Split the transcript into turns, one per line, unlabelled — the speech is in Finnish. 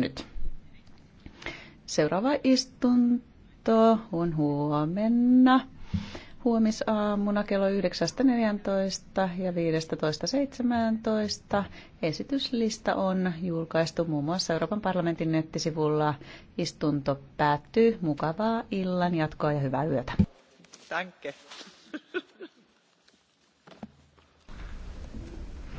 päättynyt. Seuraava istunto on huomenna huomisaamuna kello 9.14 ja 15.17. Esityslista on julkaistu muun muassa Euroopan parlamentin nettisivulla. Istunto päättyy. Mukavaa illan jatkoa ja hyvää yötä.
Danke.